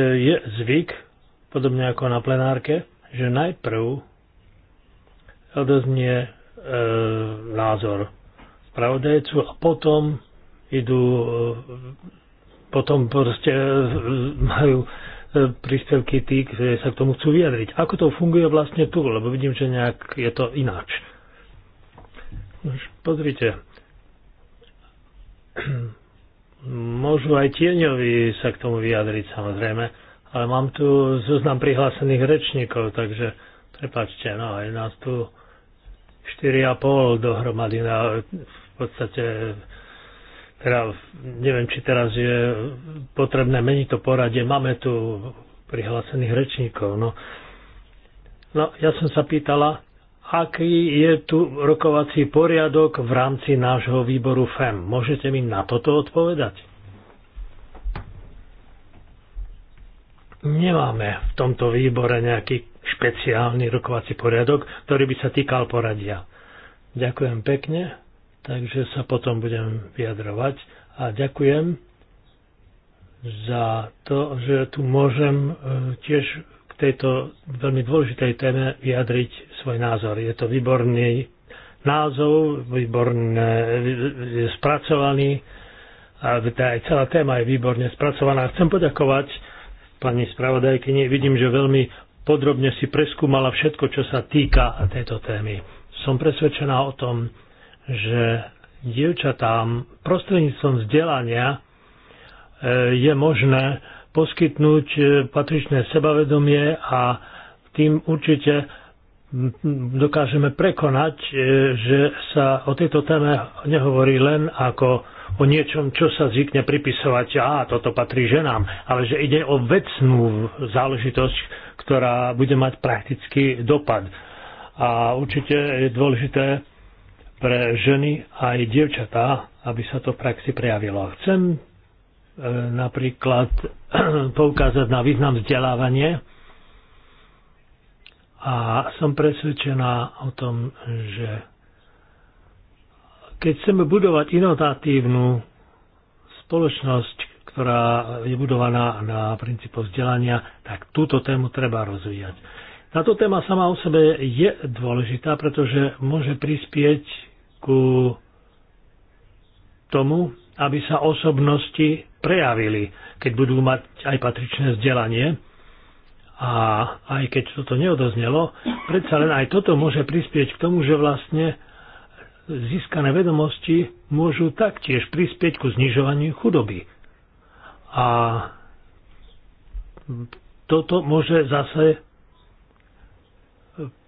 je zvyk, podobne ako na plenárke, že najprv odoznie e, názor spravodajcu a potom idú, e, potom proste e, majú e, príspevky tí, ktorí sa k tomu chcú vyjadriť. Ako to funguje vlastne tu, lebo vidím, že nejak je to ináč. Nož, pozrite, Môžu aj tieňovi sa k tomu vyjadriť samozrejme, ale mám tu zoznam prihlásených rečníkov, takže prepačte, no aj nás tu 4,5 dohromady na no, v podstate teda neviem, či teraz je potrebné meniť to poradie. Máme tu prihlásených rečníkov. No. no ja som sa pýtala, aký je tu rokovací poriadok v rámci nášho výboru FEM. Môžete mi na toto odpovedať? Nemáme v tomto výbore nejaký špeciálny rokovací poriadok, ktorý by sa týkal poradia. Ďakujem pekne, takže sa potom budem vyjadrovať a ďakujem za to, že tu môžem e, tiež tejto veľmi dôležitej téme vyjadriť svoj názor. Je to výborný názov, výborne je spracovaný a aj celá téma je výborne spracovaná. Chcem poďakovať pani spravodajkyni. Vidím, že veľmi podrobne si preskúmala všetko, čo sa týka tejto témy. Som presvedčená o tom, že dievčatám prostredníctvom vzdelania e, je možné poskytnúť e, patričné sebavedomie a tým určite dokážeme prekonať, e, že sa o tejto téme nehovorí len ako o niečom, čo sa zvykne pripisovať, a toto patrí ženám, ale že ide o vecnú záležitosť, ktorá bude mať praktický dopad. A určite je dôležité pre ženy aj dievčatá, aby sa to v praxi prejavilo. Chcem E, napríklad poukázať na význam vzdelávania a som presvedčená o tom, že keď chceme budovať inovatívnu spoločnosť, ktorá je budovaná na princípu vzdelania, tak túto tému treba rozvíjať. Táto téma sama o sebe je dôležitá, pretože môže prispieť ku tomu, aby sa osobnosti prejavili, keď budú mať aj patričné vzdelanie. A aj keď toto neodoznelo, predsa len aj toto môže prispieť k tomu, že vlastne získané vedomosti môžu taktiež prispieť ku znižovaniu chudoby. A toto môže zase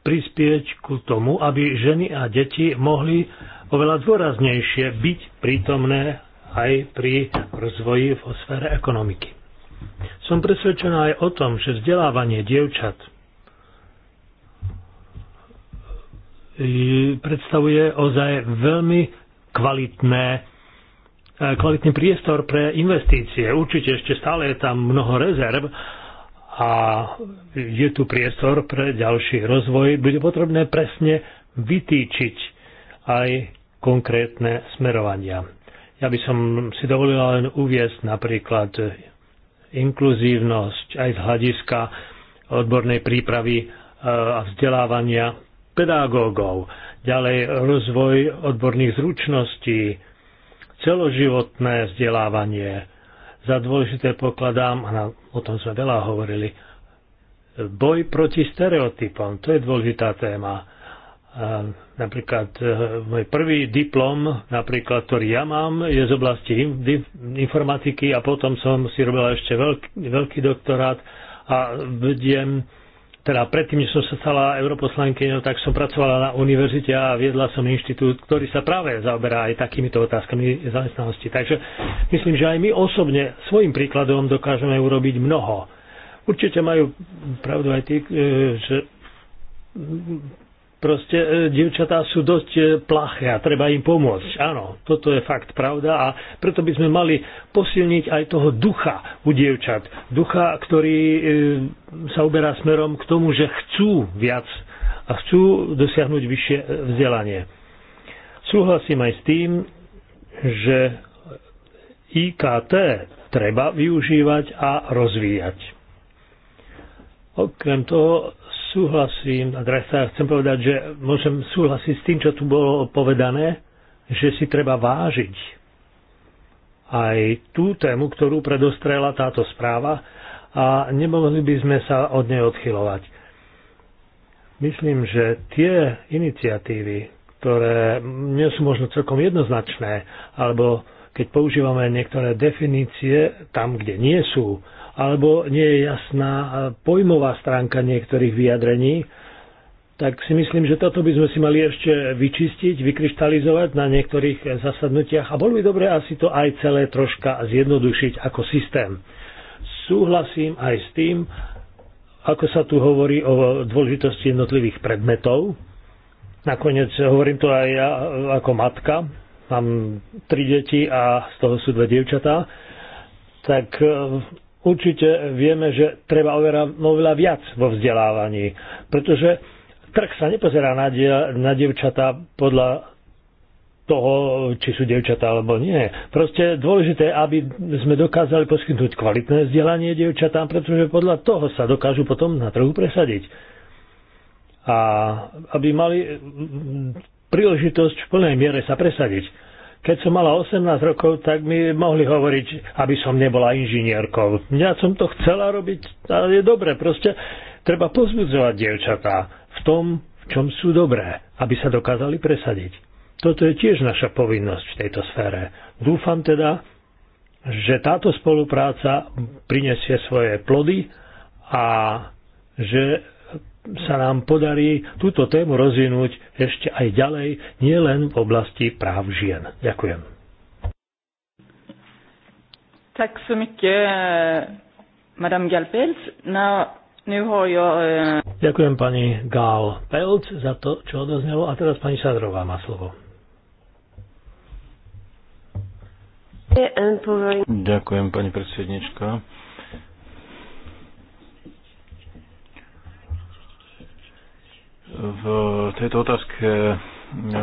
prispieť ku tomu, aby ženy a deti mohli oveľa dôraznejšie byť prítomné aj pri rozvoji v sfére ekonomiky. Som presvedčená aj o tom, že vzdelávanie dievčat e, predstavuje ozaj veľmi kvalitné, e, kvalitný priestor pre investície. Určite ešte stále je tam mnoho rezerv a je tu priestor pre ďalší rozvoj. Bude potrebné presne vytýčiť aj konkrétne smerovania. Ja by som si dovolila len uviesť napríklad e, inkluzívnosť aj z hľadiska odbornej prípravy e, a vzdelávania pedagógov, ďalej rozvoj odborných zručností, celoživotné vzdelávanie. Za dôležité pokladám, a o tom sme veľa hovorili, e, boj proti stereotypom, to je dôležitá téma napríklad e, môj prvý diplom, napríklad, ktorý ja mám, je z oblasti informatiky a potom som si robil ešte veľký, veľký doktorát a vediem, teda predtým, než som sa stala europoslankyňou, tak som pracovala na univerzite a viedla som inštitút, ktorý sa práve zaoberá aj takýmito otázkami zamestnanosti. Takže myslím, že aj my osobne svojim príkladom dokážeme urobiť mnoho. Určite majú pravdu aj tí, e, že proste e, dievčatá sú dosť e, plaché a treba im pomôcť. Áno, toto je fakt pravda a preto by sme mali posilniť aj toho ducha u dievčat. Ducha, ktorý e, sa uberá smerom k tomu, že chcú viac a chcú dosiahnuť vyššie e, vzdelanie. Súhlasím aj s tým, že IKT treba využívať a rozvíjať. Okrem toho súhlasím, a teraz sa chcem povedať, že môžem súhlasiť s tým, čo tu bolo povedané, že si treba vážiť aj tú tému, ktorú predostrela táto správa a nemohli by sme sa od nej odchylovať. Myslím, že tie iniciatívy, ktoré nie sú možno celkom jednoznačné, alebo keď používame niektoré definície tam, kde nie sú, alebo nie je jasná pojmová stránka niektorých vyjadrení, tak si myslím, že toto by sme si mali ešte vyčistiť, vykryštalizovať na niektorých zasadnutiach a bolo by dobre asi to aj celé troška zjednodušiť ako systém. Súhlasím aj s tým, ako sa tu hovorí o dôležitosti jednotlivých predmetov. Nakoniec hovorím to aj ja ako matka. Mám tri deti a z toho sú dve dievčatá. Tak určite vieme, že treba oveľa viac vo vzdelávaní, pretože trh sa nepozerá na, die, na devčatá podľa toho, či sú devčatá alebo nie. Proste dôležité, aby sme dokázali poskytnúť kvalitné vzdelanie devčatám, pretože podľa toho sa dokážu potom na trhu presadiť. A aby mali príležitosť v plnej miere sa presadiť. Keď som mala 18 rokov, tak mi mohli hovoriť, aby som nebola inžinierkou. Ja som to chcela robiť ale je dobre. Proste treba pozbudzovať dievčatá v tom, v čom sú dobré, aby sa dokázali presadiť. Toto je tiež naša povinnosť v tejto sfére. Dúfam teda, že táto spolupráca prinesie svoje plody a že sa nám podarí túto tému rozvinúť ešte aj ďalej, nielen v oblasti práv žien. Ďakujem. Tak som ke, eh, madame Galpels. Nu har jag... Eh, Ďakujem pani Gal Pelc za to, čo odoznelo. A teraz pani Šadrová má slovo. Ďakujem, pani predsednička. v tejto otázke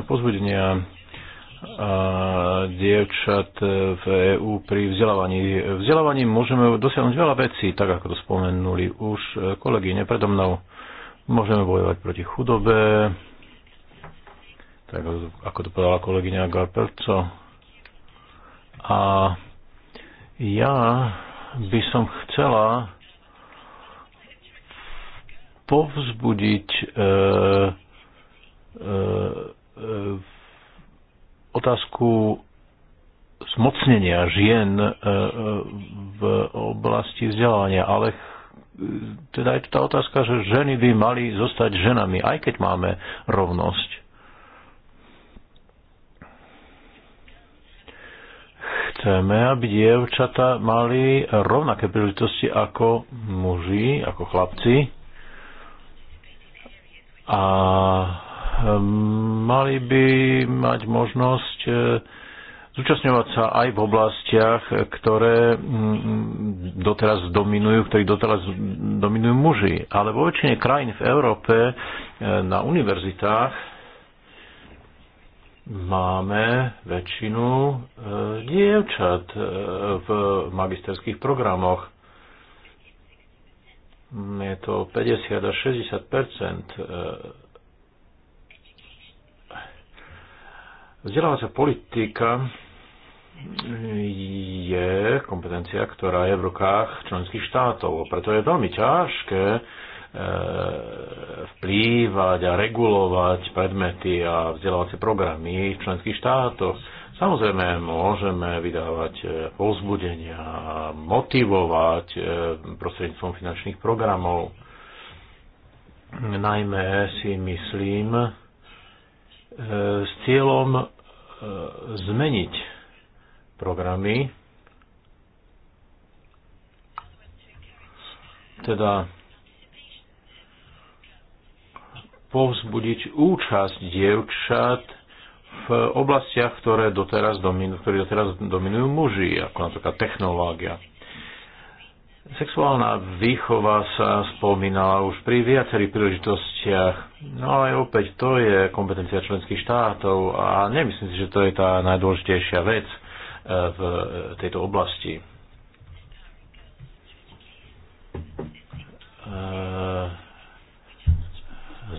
pozbudenia dievčat v EÚ pri vzdelávaní. Vzdelávaním môžeme dosiahnuť veľa vecí, tak ako to spomenuli už kolegyne predo mnou. Môžeme bojovať proti chudobe, tak ako to povedala kolegyňa Garperco. A ja by som chcela povzbudiť e, e, e, otázku zmocnenia žien v oblasti vzdelávania, ale teda je tu tá otázka, že ženy by mali zostať ženami, aj keď máme rovnosť. Chceme, aby dievčata mali rovnaké príležitosti ako muži, ako chlapci a ehm, mali by mať možnosť e, zúčastňovať sa aj v oblastiach, ktoré mm, doteraz dominujú, ktorých doteraz dominujú muži. Ale vo väčšine krajín v Európe e, na univerzitách máme väčšinu e, dievčat v magisterských programoch. Mm, je to 50 až 60 e, Vzdelávacia politika je kompetencia, ktorá je v rukách členských štátov. Preto je veľmi ťažké e, vplývať a regulovať predmety a vzdelávacie programy v členských štátoch Samozrejme, môžeme vydávať e, povzbudenia, motivovať e, prostredníctvom finančných programov. Najmä si myslím e, s cieľom zmeniť programy, teda povzbudiť účasť dievčat v oblastiach, ktoré doteraz dominu, ktoré doteraz dominujú muži, ako napríklad technológia. Sexuálna výchova sa spomínala už pri viacerých príležitostiach, no ale opäť to je kompetencia členských štátov a nemyslím si, že to je tá najdôležitejšia vec e, v tejto oblasti e,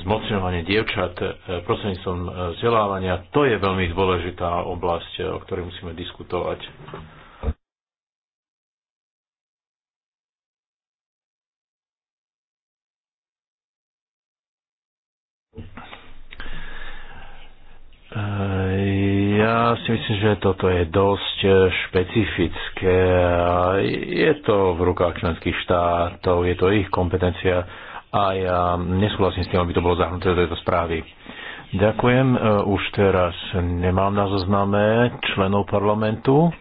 zmocňovanie dievčat e, prostredníctvom e, vzdelávania, to je veľmi dôležitá oblasť, e, o ktorej musíme diskutovať. Ja si myslím, že toto je dosť špecifické. Je to v rukách členských štátov, je to ich kompetencia a ja nesúhlasím s tým, aby to bolo zahrnuté do tejto správy. Ďakujem. E, už teraz nemám na zozname členov parlamentu.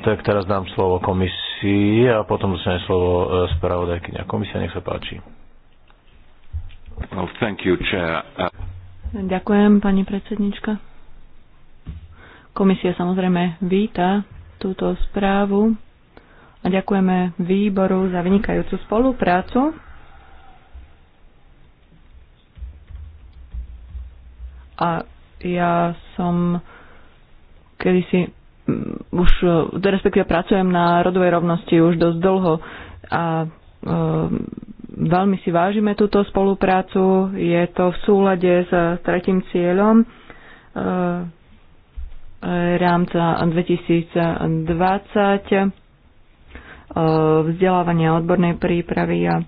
Tak teraz dám slovo komisii a potom dostane slovo e, spravodajky. Komisia, nech sa páči. Well, thank you, chair. Uh, Ďakujem, pani predsednička. Komisia samozrejme víta túto správu a ďakujeme výboru za vynikajúcu spoluprácu. A ja som kedysi mm, už, e, respektíve pracujem na rodovej rovnosti už dosť dlho a e, veľmi si vážime túto spoluprácu. Je to v súlade s tretím cieľom e, rámca 2020 E, vzdelávania odbornej prípravy a,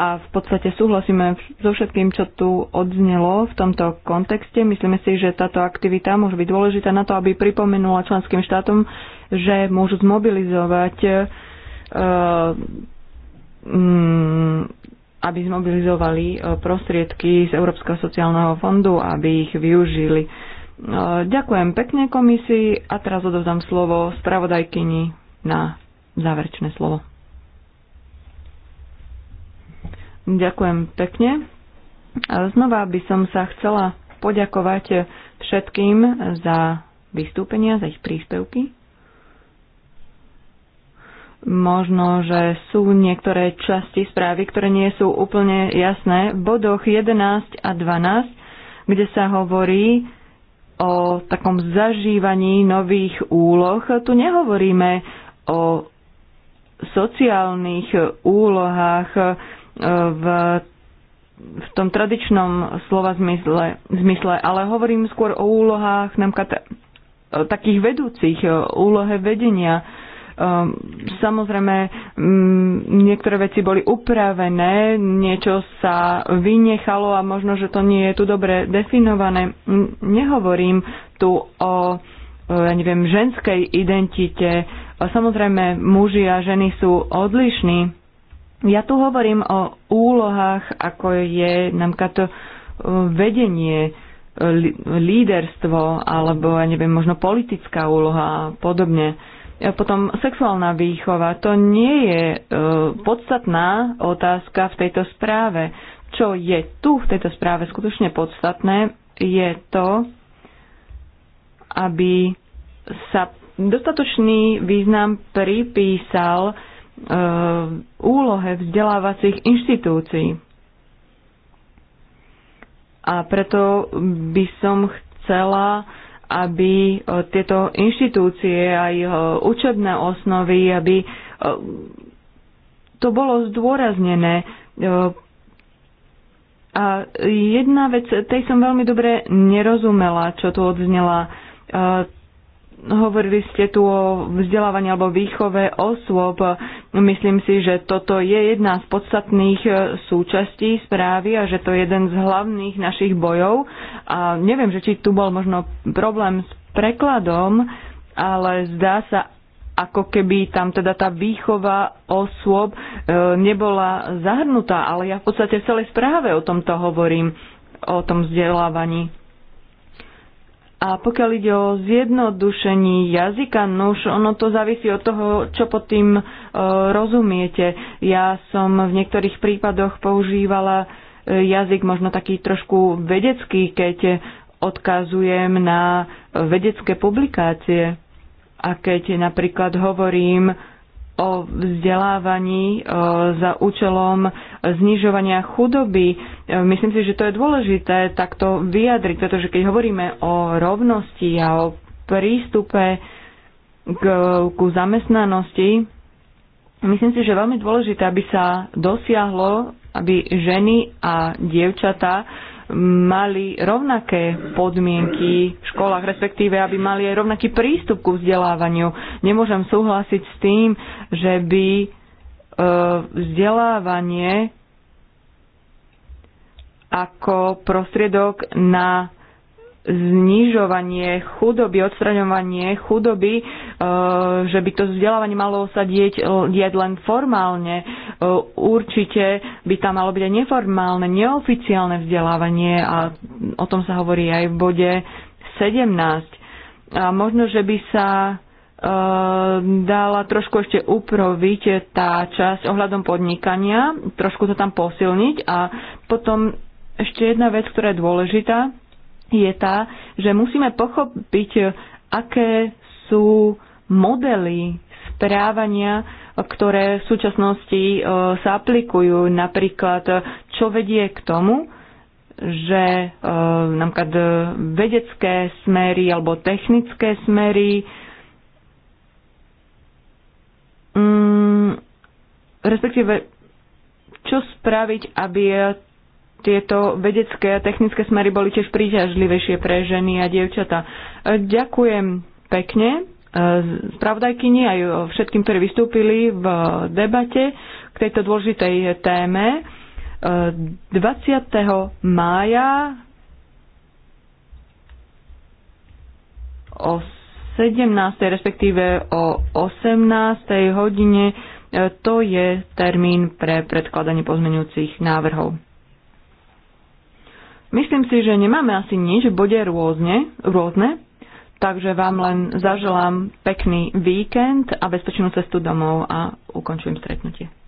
a v podstate súhlasíme so všetkým, čo tu odznelo v tomto kontexte. Myslíme si, že táto aktivita môže byť dôležitá na to, aby pripomenula členským štátom, že môžu zmobilizovať e, mm, aby zmobilizovali e, prostriedky z Európskeho sociálneho fondu, aby ich využili. Ďakujem pekne komisii a teraz odovzdám slovo spravodajkyni na záverečné slovo. Ďakujem pekne. Znova by som sa chcela poďakovať všetkým za vystúpenia, za ich príspevky. Možno, že sú niektoré časti správy, ktoré nie sú úplne jasné. V bodoch 11 a 12, kde sa hovorí o takom zažívaní nových úloh, tu nehovoríme o sociálnych úlohách e, v, v tom tradičnom slova zmysle, zmysle, ale hovorím skôr o úlohách napríklad e, takých vedúcich, e, úlohe vedenia. Samozrejme, niektoré veci boli upravené, niečo sa vynechalo a možno, že to nie je tu dobre definované. Nehovorím tu o ja neviem, ženskej identite, Samozrejme, muži a ženy sú odlišní. Ja tu hovorím o úlohách, ako je napríklad to e, vedenie, e, líderstvo alebo, ja neviem, možno politická úloha a podobne. E, potom sexuálna výchova, to nie je podstatná otázka v tejto správe. Čo je tu v tejto správe skutočne podstatné, je to, aby sa dostatočný význam pripísal e, úlohe vzdelávacích inštitúcií. A preto by som chcela, aby e, tieto inštitúcie aj učebné osnovy, aby e, to bolo zdôraznené. A jedna vec, tej som veľmi dobre nerozumela, čo tu odznela Hovorili ste tu o vzdelávaní alebo výchove osôb. Myslím si, že toto je jedna z podstatných e, súčastí správy a že to je jeden z hlavných našich bojov. A neviem, že či tu bol možno problém s prekladom, ale zdá sa, ako keby tam teda tá výchova osôb e, nebola zahrnutá, ale ja v podstate v celej správe o tomto hovorím, o tom vzdelávaní a pokiaľ ide o zjednodušení jazyka, no už ono to závisí od toho, čo pod tým e, rozumiete. Ja som v niektorých prípadoch používala e, jazyk možno taký trošku vedecký, keď odkazujem na e, vedecké publikácie. A keď napríklad hovorím o vzdelávaní e, za účelom znižovania chudoby. E, myslím si, že to je dôležité takto vyjadriť, pretože keď hovoríme o rovnosti a o prístupe k, ku zamestnanosti, myslím si, že je veľmi dôležité, aby sa dosiahlo, aby ženy a dievčatá mali rovnaké podmienky v školách, respektíve aby mali aj rovnaký prístup ku vzdelávaniu. Nemôžem súhlasiť s tým, že by e, vzdelávanie ako prostriedok na znižovanie chudoby, odstraňovanie chudoby, e, že by to vzdelávanie malo sa dieť, e, dieť len formálne. E, určite by tam malo byť aj neformálne, neoficiálne vzdelávanie a o tom sa hovorí aj v bode 17. A možno, že by sa dala trošku ešte uproviť tá časť ohľadom podnikania, trošku to tam posilniť a potom ešte jedna vec, ktorá je dôležitá, je tá, že musíme pochopiť, aké sú modely správania, ktoré v súčasnosti e, sa aplikujú. Napríklad, čo vedie k tomu, že e, napríklad vedecké smery alebo technické smery mm, respektíve čo spraviť, aby tieto vedecké a technické smery boli tiež príťažlivejšie pre ženy a dievčata. E, ďakujem pekne e, spravodajkyni aj všetkým, ktorí vystúpili v debate k tejto dôležitej téme. 20. E, mája o 17. respektíve o 18. hodine to je termín pre predkladanie pozmenujúcich návrhov. Myslím si, že nemáme asi nič, bude rôzne, rôzne, takže vám len zaželám pekný víkend a bezpečnú cestu domov a ukončujem stretnutie.